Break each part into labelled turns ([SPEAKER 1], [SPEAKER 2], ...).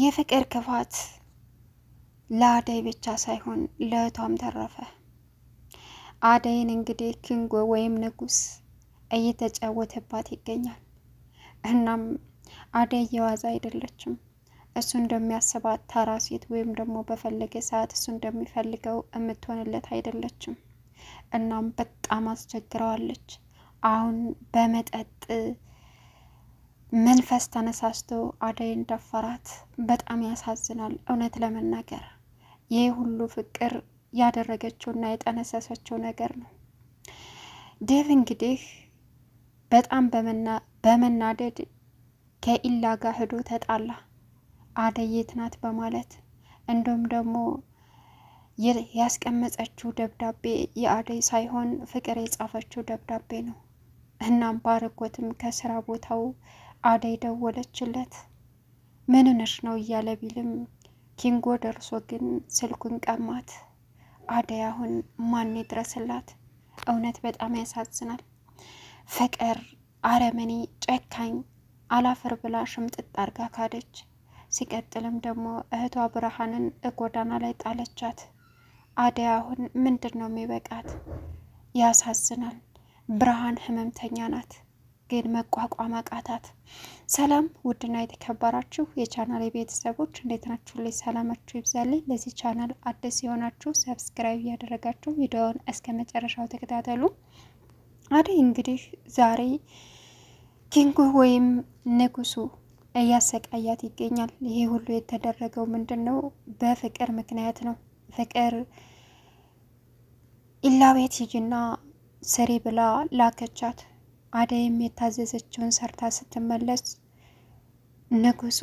[SPEAKER 1] የፍቅር ክፋት ለአደይ ብቻ ሳይሆን ለእህቷም ተረፈ። አደይን እንግዲህ ክንጎ ወይም ንጉስ እየተጫወተባት ይገኛል። እናም አደይ የዋዛ አይደለችም። እሱ እንደሚያስባት ታራ ሴት ወይም ደግሞ በፈለገ ሰዓት እሱ እንደሚፈልገው የምትሆንለት አይደለችም። እናም በጣም አስቸግረዋለች። አሁን በመጠጥ መንፈስ ተነሳስቶ አደይን ደፈራት። በጣም ያሳዝናል። እውነት ለመናገር ይህ ሁሉ ፍቅር ያደረገችውና የጠነሰሰችው ነገር ነው። ዴቭ እንግዲህ በጣም በመናደድ ከኢላ ጋር ሂዶ ተጣላ። አደይ የት ናት በማለት እንዲሁም ደግሞ ያስቀመጸችው ደብዳቤ የአደይ ሳይሆን ፍቅር የጻፈችው ደብዳቤ ነው። እናም ባርኮትም ከስራ ቦታው አደይ ደወለችለት። ምን ነሽ ነው እያለ ቢልም ኪንጎ ደርሶ ግን ስልኩን ቀማት። አደይ አሁን ማን ይድረስላት? እውነት በጣም ያሳዝናል። ፍቅር አረመኔ፣ ጨካኝ፣ አላፍር ብላ ሽምጥጥ አርጋ ካደች። ሲቀጥልም ደግሞ እህቷ ብርሃንን እጎዳና ላይ ጣለቻት። አደይ አሁን ምንድን ነው የሚበቃት? ያሳዝናል። ብርሃን ህመምተኛ ናት። ግን መቋቋም አቃታት። ሰላም ውድና የተከበራችሁ የቻናል የቤተሰቦች እንዴት ናችሁ? ላይ ሰላማችሁ ይብዛልኝ። ለዚህ ቻናል አዲስ የሆናችሁ ሰብስክራይብ እያደረጋችሁ ቪዲዮውን እስከ መጨረሻው ተከታተሉ። አደይ እንግዲህ ዛሬ ኪንጉ ወይም ንጉሱ እያሰቃያት ይገኛል። ይሄ ሁሉ የተደረገው ምንድን ነው? በፍቅር ምክንያት ነው። ፍቅር ኢላቤት ይጅና ሂጂና ስሪ ብላ ላከቻት። አደይም የታዘዘችውን ሰርታ ስትመለስ ንጉሱ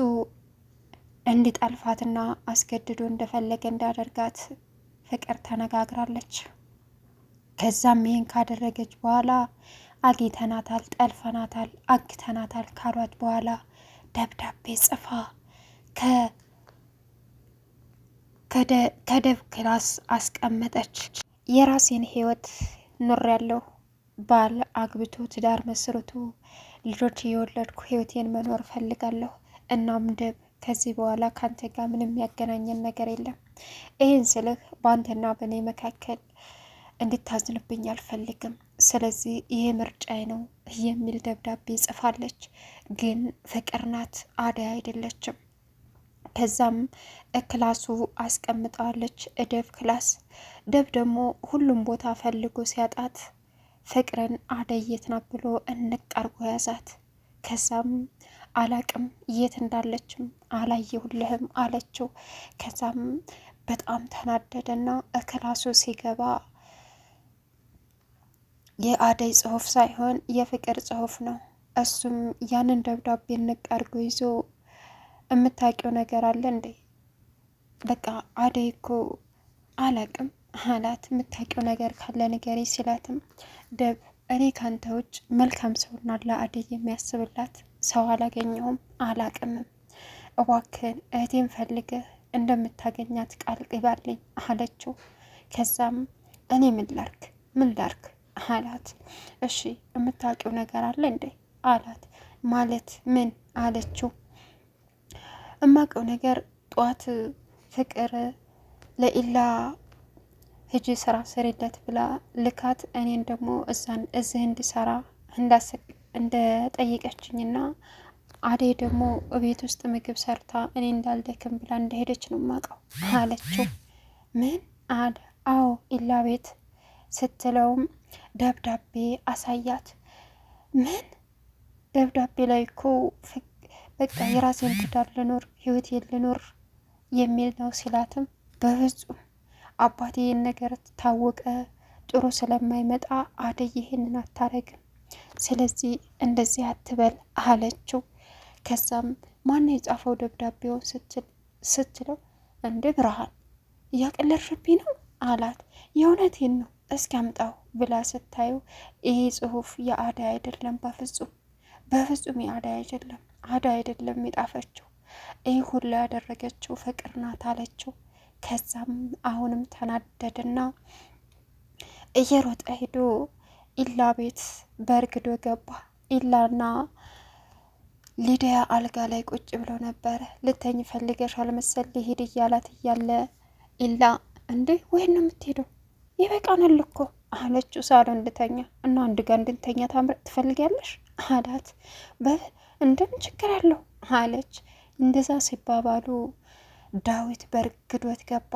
[SPEAKER 1] እንዲጠልፋትና አስገድዶ እንደፈለገ እንዳደርጋት ፍቅር ተነጋግራለች። ከዛም ይህን ካደረገች በኋላ አግኝተናታል፣ ጠልፈናታል፣ አግተናታል ካሏት በኋላ ደብዳቤ ጽፋ ከደብ ክላስ አስቀመጠች። የራሴን ህይወት ኑር ያለሁ ባል አግብቶ ትዳር መስርቶ ልጆች እየወለድኩ ህይወቴን መኖር ፈልጋለሁ። እናም ደብ ከዚህ በኋላ ካንተ ጋር ምንም ያገናኘን ነገር የለም። ይህን ስልህ በአንተና በእኔ መካከል እንድታዝንብኝ አልፈልግም። ስለዚህ ይሄ ምርጫዬ ነው የሚል ደብዳቤ ጽፋለች። ግን ፍቅር ናት አደይ አይደለችም። ከዛም ክላሱ አስቀምጠዋለች። እደብ ክላስ ደብ ደግሞ ሁሉም ቦታ ፈልጎ ሲያጣት ፍቅርን አደይ የት ናት ብሎ እንቅ አርጎ ያዛት። ከዛም አላቅም የት እንዳለችም አላየሁልህም አለችው። ከዛም በጣም ተናደደና እክላሱ ሲገባ የአደይ ጽሁፍ ሳይሆን የፍቅር ጽሁፍ ነው። እሱም ያንን ደብዳቤ እንቅ አድርጎ ይዞ የምታውቂው ነገር አለ እንዴ? በቃ አደይ እኮ አላቅም አላት። የምታውቂው ነገር ካለ ንገሪ ሲላትም ደብ እኔ ካንተ ውጭ መልካም ሰውና ለአደይ የሚያስብላት ሰው አላገኘውም አላቅምም። እዋክን እህቴን ፈልገህ እንደምታገኛት ቃል ግባልኝ አለችው። ከዛም እኔ ምን ላርክ ምን ላርክ አላት። እሺ የምታውቂው ነገር አለ እንዴ አላት። ማለት ምን አለችው። እማውቀው ነገር ጧት ፍቅር ለኢላ ሂጂ ስራ ስሪለት ብላ ልካት እኔን ደግሞ እዛን እዚህ እንዲሰራ እንደጠየቀችኝና አደይ ደግሞ ቤት ውስጥ ምግብ ሰርታ እኔ እንዳልደክም ብላ እንደሄደች ነው ማቀው አለችው። ምን አደ አዎ ኢላ ቤት ስትለውም ደብዳቤ አሳያት። ምን ደብዳቤ ላይ እኮ በቃ የራሴን ትዳር ልኖር ህይወት ልኖር የሚል ነው ሲላትም በፍጹም አባቴ ይህን ነገር ታወቀ ጥሩ ስለማይመጣ አደይ ይህንን አታረግም፣ ስለዚህ እንደዚህ አትበል አለችው። ከዛም ማን የጻፈው ደብዳቤው ስትለው እንደ ብርሃን እያቀለድሽብኝ ነው አላት። የእውነቴን ነው እስኪ አምጣው ብላ ስታየው ይህ ጽሁፍ የአደይ አይደለም፣ በፍጹም በፍጹም የአደይ አይደለም። አደይ አይደለም የጣፈችው ይህ ሁሉ ያደረገችው ፍቅር ናት አለችው። ከዛም አሁንም ተናደድና እየሮጠ ሄዶ ኢላ ቤት በእርግዶ ገባ። ኢላና ሊዲያ አልጋ ላይ ቁጭ ብለው ነበረ። ልተኝ ፈልገሻል መሰል ሊሄድ እያላት እያለ ኢላ እንዴ ወይን ነው የምትሄደው? ይበቃናል እኮ አለችው። ሳሎን ልተኛ እና አንድ ጋር እንድንተኛ ታምር ትፈልጊያለሽ አላት። በእንደም ችግር አለው አለች። እንደዛ ሲባባሉ ዳዊት በርግዶት ገባ።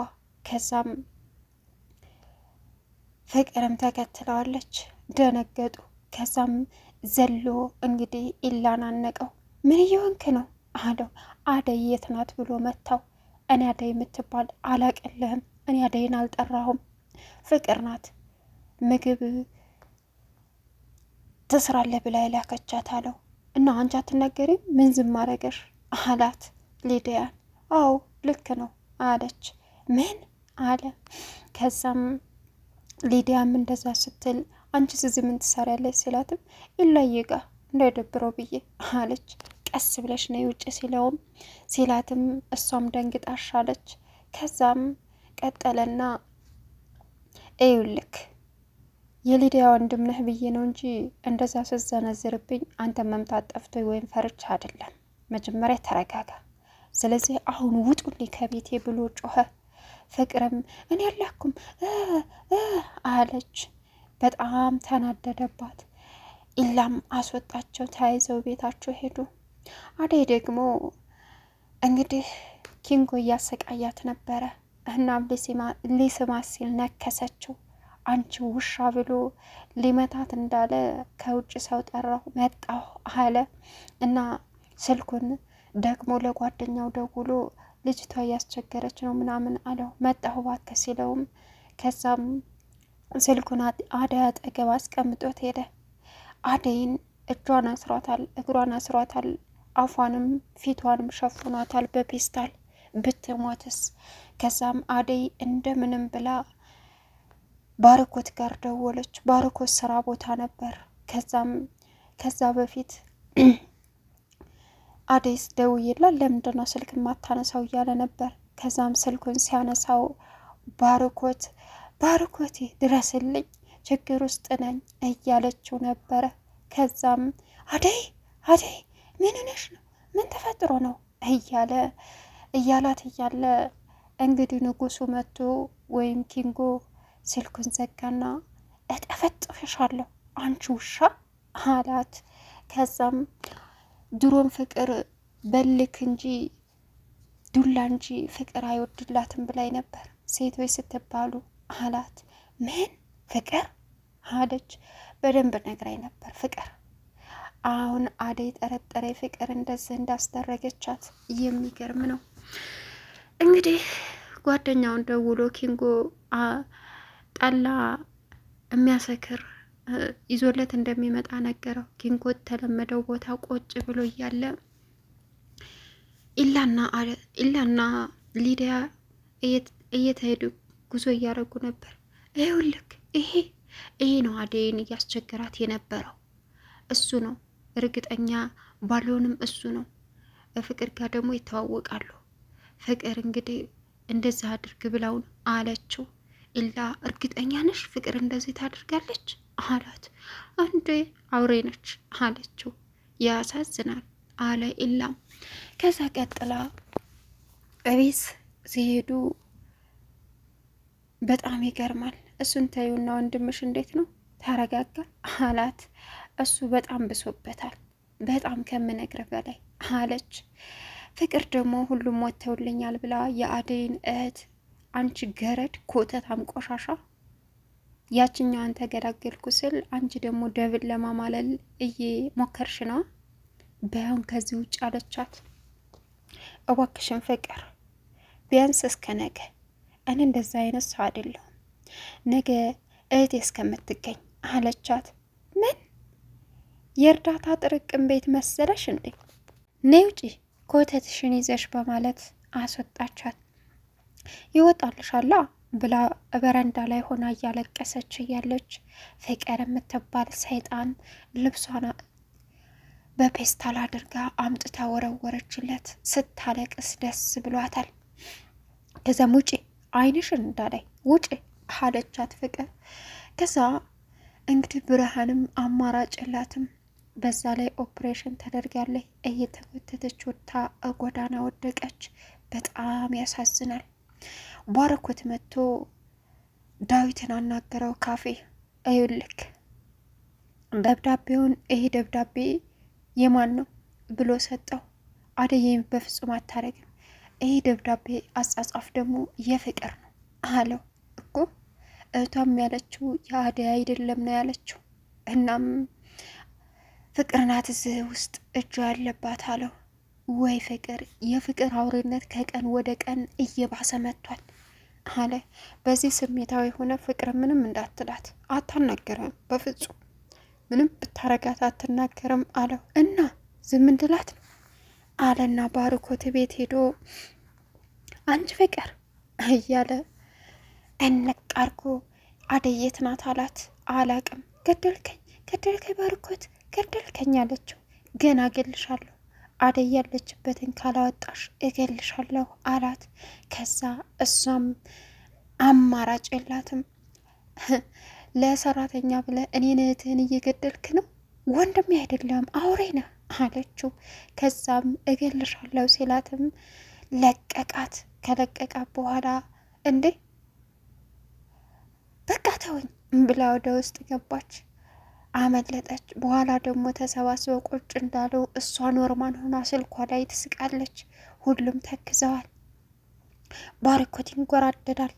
[SPEAKER 1] ከዛም ፍቅርም ተከትለዋለች። ደነገጡ። ከዛም ዘሎ እንግዲህ ኢላን አነቀው። ምን እየሆንክ ነው አለው። አደይ የት ናት ብሎ መታው። እኔ አደይ የምትባል አላቅልህም። እኔ አደይን አልጠራሁም። ፍቅር ናት ምግብ ትስራለህ ብላ ላከቻት አለው። እና አንቺ አትናገሪም? ምን ዝም አረገሽ አላት ሊዲያን። አዎ ልክ ነው አለች። ምን አለ። ከዛም ሊዲያም እንደዛ ስትል አንቺ እዚህ ምን ትሰሪያለሽ ስላትም ይለይ ጋ እንዳይደብረው ብዬ አለች። ቀስ ብለሽ ነው የውጭ ሲለውም ሲላትም እሷም ደንግጣሽ አለች። ከዛም ቀጠለና እዩልክ የሊዲያ ወንድም ነህ ብዬ ነው እንጂ እንደዛ ስዘነዝርብኝ አንተ መምታት ጠፍቶ ወይም ፈርቻ አይደለም። መጀመሪያ ተረጋጋ ስለዚህ አሁን ውጡልኝ ከቤቴ ብሎ ጮኸ። ፍቅርም እኔ ያላኩም አለች። በጣም ተናደደባት። ኢላም አስወጣቸው። ተያይዘው ቤታቸው ሄዱ። አደይ ደግሞ እንግዲህ ኪንጎ እያሰቃያት ነበረ። እናም ሊስማ ሲል ነከሰችው። አንቺ ውሻ ብሎ ሊመታት እንዳለ ከውጭ ሰው ጠራው መጣሁ አለ እና ስልኩን ደግሞ ለጓደኛው ደውሎ ልጅቷ እያስቸገረች ነው ምናምን አለው። መጣሁ እባክህ ሲለውም ከዛም ስልኩን አደይ አጠገብ አስቀምጦት ሄደ። አደይን እጇን አስሯታል፣ እግሯን አስሯታል፣ አፏንም ፊቷንም ሸፍኗታል በፔስታል ብትሞትስ። ከዛም አደይ እንደምንም ብላ ባርኮት ጋር ደወለች። ባርኮት ስራ ቦታ ነበር። ከዛም ከዛ በፊት አዴስ ደውዬላ ለምንድነው ስልክ ማታነሳው እያለ ነበር። ከዛም ስልኩን ሲያነሳው ባርኮት ባርኮቴ ድረስልኝ፣ ችግር ውስጥ ነኝ እያለችው ነበረ። ከዛም አደይ አደይ ምን ሆነሽ ነው? ምን ተፈጥሮ ነው? እያለ እያላት እያለ እንግዲህ ንጉሱ መጥቶ ወይም ኪንጎ ስልኩን ዘጋና እጠፈጥፍሻለሁ አንቺ ውሻ አላት። ከዛም ድሮም ፍቅር በልክ እንጂ ዱላ እንጂ ፍቅር አይወድላትም ብላይ ነበር ሴቶች ስትባሉ አላት። ምን ፍቅር አለች። በደንብ ነግራኝ ነበር ፍቅር አሁን አደይ ጠረጠረ ፍቅር እንደዚህ እንዳስደረገቻት የሚገርም ነው። እንግዲህ ጓደኛውን ደውሎ ኪንጎ ጠላ የሚያሰክር ይዞለት እንደሚመጣ ነገረው። ኪንኮት ተለመደው ቦታ ቆጭ ብሎ እያለ ኢላና ሊዲያ እየተሄዱ ጉዞ እያደረጉ ነበር። ይኸውልህ ይሄ ይሄ ነው አደይን እያስቸገራት የነበረው እሱ ነው። እርግጠኛ ባልሆንም እሱ ነው። ፍቅር ጋር ደግሞ ይተዋወቃሉ። ፍቅር እንግዲህ እንደዚህ አድርግ ብለውን አለችው። ኢላ እርግጠኛ ነሽ ፍቅር እንደዚህ ታደርጋለች? አላት። አንዴ አውሬ ነች አለችው። ያሳዝናል አለ ኢላም። ከዛ ቀጥላ እቤት ሲሄዱ በጣም ይገርማል። እሱን ታዩና ወንድምሽ እንዴት ነው ተረጋጋ አላት። እሱ በጣም ብሶበታል በጣም ከምነግር በላይ አለች። ፍቅር ደግሞ ሁሉም ወጥተውልኛል ብላ የአደይን እህት አንቺ ገረድ ኮተታም ቆሻሻ ያችኛዋን ተገላገልኩ ስል አንቺ ደግሞ ደብን ለማማለል እየሞከርሽ ነው። በያውን ከዚህ ውጭ አለቻት። እባክሽን ፍቅር ቢያንስ እስከ ነገ። እኔ እንደዛ አይነት ሰው አይደለሁም። ነገ እህቴ እስከምትገኝ አለቻት። ምን የእርዳታ ጥርቅም ቤት መሰለሽ እንዴ? ነይ ውጪ ኮተትሽን ይዘሽ በማለት አስወጣቻት። ይወጣልሻላ ብላ በረንዳ ላይ ሆና እያለቀሰች እያለች ፍቅር የምትባል ሰይጣን ልብሷን በፔስታል አድርጋ አምጥታ ወረወረችለት። ስታለቅስ ደስ ብሏታል። ከዚያም ውጪ ዓይንሽን እንዳላይ ውጪ አለቻት ፍቅር። ከዛ እንግዲህ ብርሃንም አማራጭ የላትም። በዛ ላይ ኦፕሬሽን ተደርጋለች። እየተጎተተች ወታ ጎዳና ወደቀች። በጣም ያሳዝናል። ባረኮት መጥቶ ዳዊትን አናገረው። ካፌ እዩልክ ደብዳቤውን ይሄ ደብዳቤ የማን ነው ብሎ ሰጠው። አደይም በፍጹም አታረግም፣ ይሄ ደብዳቤ አጻጻፍ ደግሞ የፍቅር ነው አለው። እኮ እህቷም ያለችው የአደይ አይደለም ነው ያለችው። እናም ፍቅር ናት እዚህ ውስጥ እጇ ያለባት አለው። ወይ ፍቅር! የፍቅር አውሬነት ከቀን ወደ ቀን እየባሰ መጥቷል። አለ። በዚህ ስሜታዊ ሆነ ፍቅር ምንም እንዳትላት አታናገረም፣ በፍጹም ምንም ብታረጋት አትናገርም አለው እና ዝም እንድላት ነው አለና ባርኮት ቤት ሄዶ አንቺ ፍቅር እያለ እነቅ አርጎ ናት አላት። አላቅም ገደልከኝ፣ ገደልከኝ ባርኮት ገደልከኝ አለችው። ገና እገልሻለሁ አደይ ያለችበትን ካላወጣሽ እገልሻለሁ አላት። ከዛ እሷም አማራጭ የላትም ለሰራተኛ ብለ እኔን እህትህን እየገደልክ ነው ወንድም አይደለም አውሬ ነህ አለችው። ከዛም እገልሻለሁ ሲላትም ለቀቃት። ከለቀቃት በኋላ እንዴ በቃ ተወኝ ብላ ወደ ውስጥ ገባች። አመለጠች። በኋላ ደግሞ ተሰባስበው ቁጭ እንዳሉ እሷ ኖርማን ሆና ስልኳ ላይ ትስቃለች። ሁሉም ተክዘዋል። ባርኮት ይንጎራደዳል።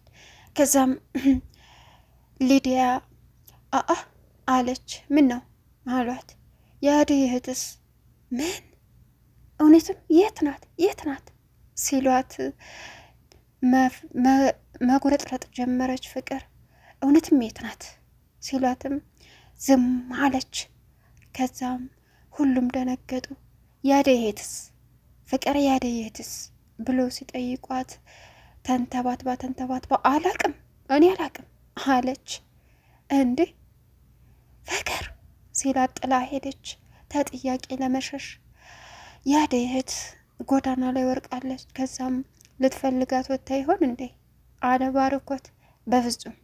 [SPEAKER 1] ከዛም ሊዲያ አአ አለች። ምን ነው አሏት። የአዴ እህትስ ምን እውነትም የት ናት የት ናት ሲሏት መጉረጥረጥ ጀመረች። ፍቅር እውነትም የት ናት ሲሏትም ዝም አለች። ከዛም ሁሉም ደነገጡ። ያደየትስ ፍቅር ያደየትስ ብሎ ሲጠይቋት ተንተባትባ ተንተባትባ አላቅም እኔ አላቅም አለች። እንዴ ፍቅር ሲላት ጥላ ሄደች። ተጥያቄ ለመሸሽ ያደየት ጎዳና ላይ ወርቃለች። ከዛም ልትፈልጋት ወጥታ ይሆን እንዴ አለ ባርኮት። በፍጹም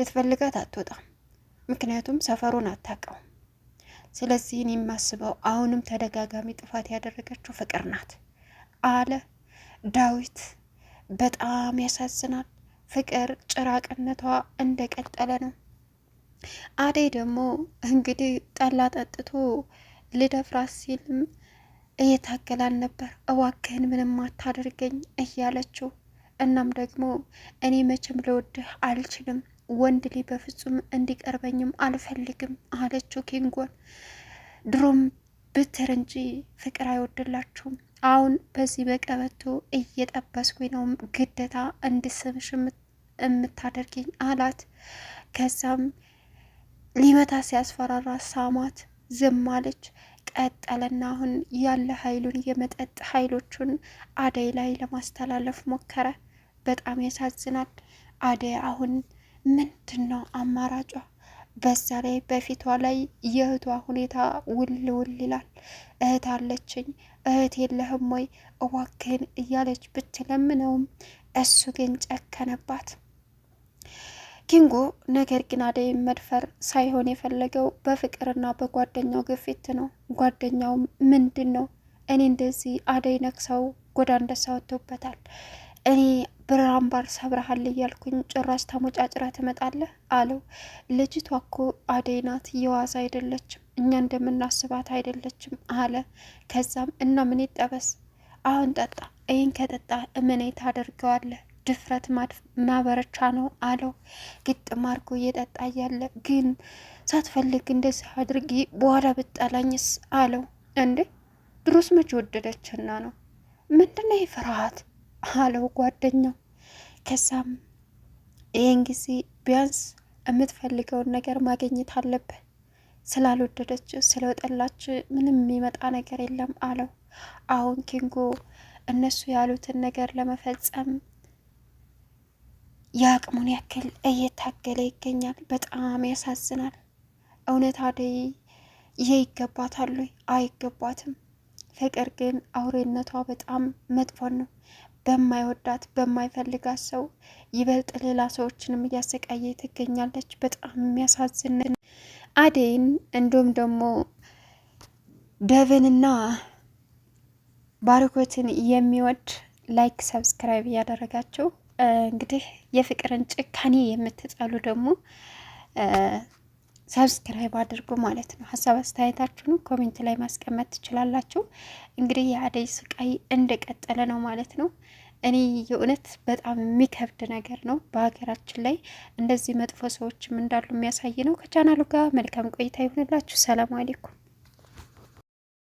[SPEAKER 1] ልትፈልጋት አትወጣም ምክንያቱም ሰፈሩን አታውቀውም። ስለዚህ እኔ የማስበው አሁንም ተደጋጋሚ ጥፋት ያደረገችው ፍቅር ናት አለ ዳዊት። በጣም ያሳዝናል። ፍቅር ጭራቅነቷ እንደቀጠለ ነው። አደይ ደግሞ እንግዲህ ጠላ ጠጥቶ ልደፍራት ሲልም እየታገላል ነበር። እዋክህን ምንም አታደርገኝ እያለችው እናም ደግሞ እኔ መቼም ልወድህ አልችልም ወንድ ልጅ በፍጹም እንዲቀርበኝም አልፈልግም አለችው ኪንጎን። ድሮም ብትር እንጂ ፍቅር አይወድላችሁም። አሁን በዚህ በቀበቶ እየጠበስኩኝ ነው ግዴታ እንድስምሽ የምታደርግኝ አላት። ከዛም ሊመታ ሲያስፈራራ ሳማት፣ ዝም አለች። ቀጠለና አሁን ያለ ኃይሉን የመጠጥ ኃይሎቹን አደይ ላይ ለማስተላለፍ ሞከረ። በጣም ያሳዝናል። አደይ አሁን ምንድን ነው አማራጯ? በዛ ላይ በፊቷ ላይ የእህቷ ሁኔታ ውል ውል ይላል። እህት አለችኝ፣ እህት የለህም ወይ እዋክህን እያለች ብትለምነውም እሱ ግን ጨከነባት። ኪንጎ ነገር ግን አደይን መድፈር ሳይሆን የፈለገው በፍቅርና በጓደኛው ግፊት ነው። ጓደኛውም ምንድን ነው እኔ እንደዚህ አደይ ነክሰው ጎዳ እንደሳወቶበታል እኔ ብር አምባር ሰብረሃል እያልኩኝ ጭራሽ ተሞጫጭራ ትመጣለህ አለው። ልጅቷ እኮ አደይ ናት፣ የዋዛ አይደለችም፣ እኛ እንደምናስባት አይደለችም አለ። ከዛም እና ምን ይጠበስ አሁን ጠጣ፣ ይህን ከጠጣ እምኔ ታደርገዋለህ ድፍረት ማበረቻ ነው አለው። ግጥም አድርጎ እየጠጣ እያለ ግን ሳትፈልግ እንደዚህ አድርጊ በኋላ ብጠላኝስ አለው። እንዴ ድሮስ መቼ ወደደችና ነው ምንድነው ይህ ፍርሃት አለው ጓደኛው። ከዛም ይህን ጊዜ ቢያንስ የምትፈልገውን ነገር ማግኘት አለብህ፣ ስላልወደደች ስለወጠላች ምንም የሚመጣ ነገር የለም አለው። አሁን ኪንጎ እነሱ ያሉትን ነገር ለመፈጸም የአቅሙን ያክል እየታገለ ይገኛል። በጣም ያሳዝናል። እውነት አደይ ይሄ ይገባታል ወይ? አይገባትም። ፍቅር ግን አውሬነቷ በጣም መጥፎን ነው። በማይወዳት በማይፈልጋት ሰው ይበልጥ ሌላ ሰዎችንም እያሰቃየ ትገኛለች። በጣም የሚያሳዝን አደይን እንዲሁም ደግሞ ደብንና ባርኮትን የሚወድ ላይክ ሰብስክራይብ እያደረጋቸው እንግዲህ የፍቅርን ጭካኔ የምትጠሉ ደግሞ ሰብስክራይብ አድርጉ ማለት ነው። ሀሳብ አስተያየታችሁን ኮሜንት ላይ ማስቀመጥ ትችላላችሁ። እንግዲህ የአደይ ስቃይ እንደቀጠለ ነው ማለት ነው። እኔ የእውነት በጣም የሚከብድ ነገር ነው። በሀገራችን ላይ እንደዚህ መጥፎ ሰዎችም እንዳሉ የሚያሳይ ነው። ከቻናሉ ጋር መልካም ቆይታ ይሁንላችሁ። ሰላም አሌኩም።